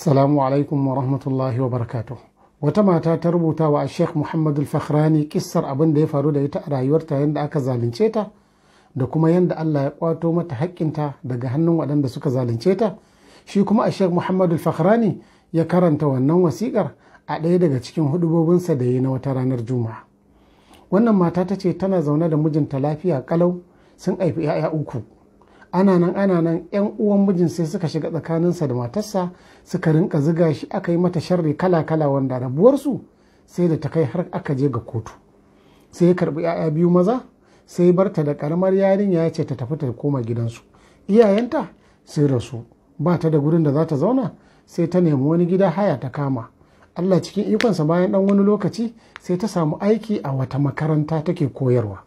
Salamu alaikum wa rahmatullahi wa barakatuh. Wata mata ta rubuta wa Sheikh Muhammad al-Fakhrani kissar abin da ya faru da ita a rayuwarta yadda aka zalunce ta da kuma yadda Allah ya kwato mata haƙƙinta daga hannun waɗanda suka zalunce ta. Shi kuma a Sheikh Muhammad al-Fakhrani ya karanta wannan wasikar a ɗaya daga cikin hudubobinsa da ya yi na wata ranar Juma'a. Wannan mata ta ce tana zaune da mijinta lafiya kalau sun haifi 'ya'ya uku. ana nan ana nan yan uwan mijin sai suka shiga tsakaninsa da matarsa suka rinka ziga shi aka yi mata sharri kala kala wanda rabuwarsu sai da ta kai har aka je ga kotu sai ya karbi 'ya'ya biyu maza sai barta da karamar yarinya ya ce ta tafi ta koma gidansu iyayenta sai rasu ba ta da gurin da za ta zauna sai ta nemi wani gida haya ta kama Allah cikin ikonsa bayan ɗan wani lokaci sai ta samu aiki a wata makaranta take koyarwa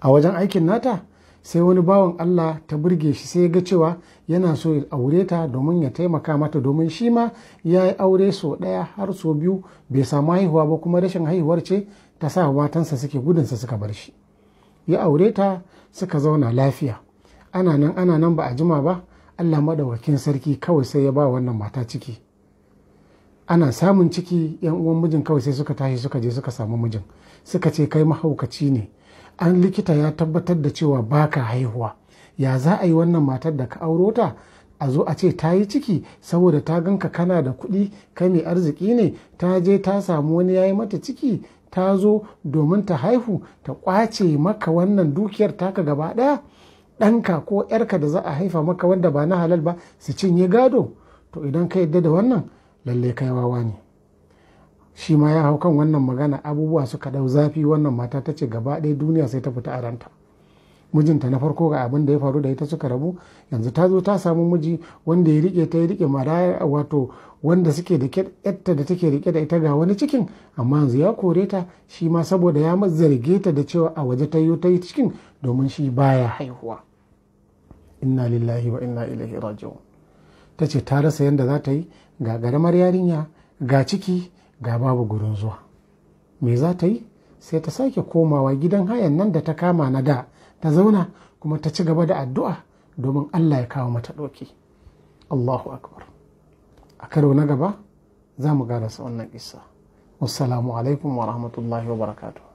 a wajen aikin nata sai wani bawan Allah ta burge shi sai ga cewa yana so ya aure ta domin ya taimaka mata domin shi ma ya yi aure so ɗaya har so biyu bai samu haihuwa ba kuma rashin haihuwar ce ta sa matansa suke gudunsa suka bar shi ya aure ta suka zauna lafiya ana nan ana nan ba a jima ba Allah madawakin sarki kawai sai ya ba wannan mata ciki ana samun ciki yan uwan mijin kawai sai suka tashi suka je suka samu mijin suka ce kai mahaukaci ne an likita ya tabbatar da cewa baka haihuwa ya za a yi wannan matar da ka auro ta a zo a ce ta yi ciki saboda ta ganka kana da kuɗi ka mai arziki ne ta je ta samu wani ya yi mata ciki ta zo domin ta haihu ta ƙwace maka wannan dukiyar taka gaba ɗaya ɗanka ko ‘yarka da za a haifa maka wanda ba na halal ba su cinye gado to idan ka yadda da wannan lalle kai wawa ne shi ma ya hau kan wannan magana abubuwa suka dau zafi wannan mata ta ce gaba ɗaya duniya sai ta fita a ranta mijinta na farko ga abin da ya faru da ita suka rabu yanzu ta zo ta samu miji wanda ya rike ta ya rike maraya wato wanda suke da yatta da take rike da ita ga wani cikin amma yanzu ya kore ta shi ma saboda ya zarge ta da cewa a waje ta yi ta yi cikin domin shi baya haihuwa inna lillahi wa inna ilaihi raji'un ta ce ta rasa yadda za ta yi ga garamar yarinya ga ciki ga babu gurin zuwa me za ta yi sai ta sake komawa gidan hayan nan da ta kama na da ta zauna kuma ta ci gaba da addu'a domin allah ya kawo mata ɗauki allahu akbar a karo na gaba za mu sa wannan isa wassalamu alaikum wa rahmatullahi wa barakatuh